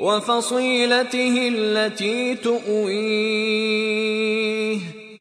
وفصيلته التي تؤويه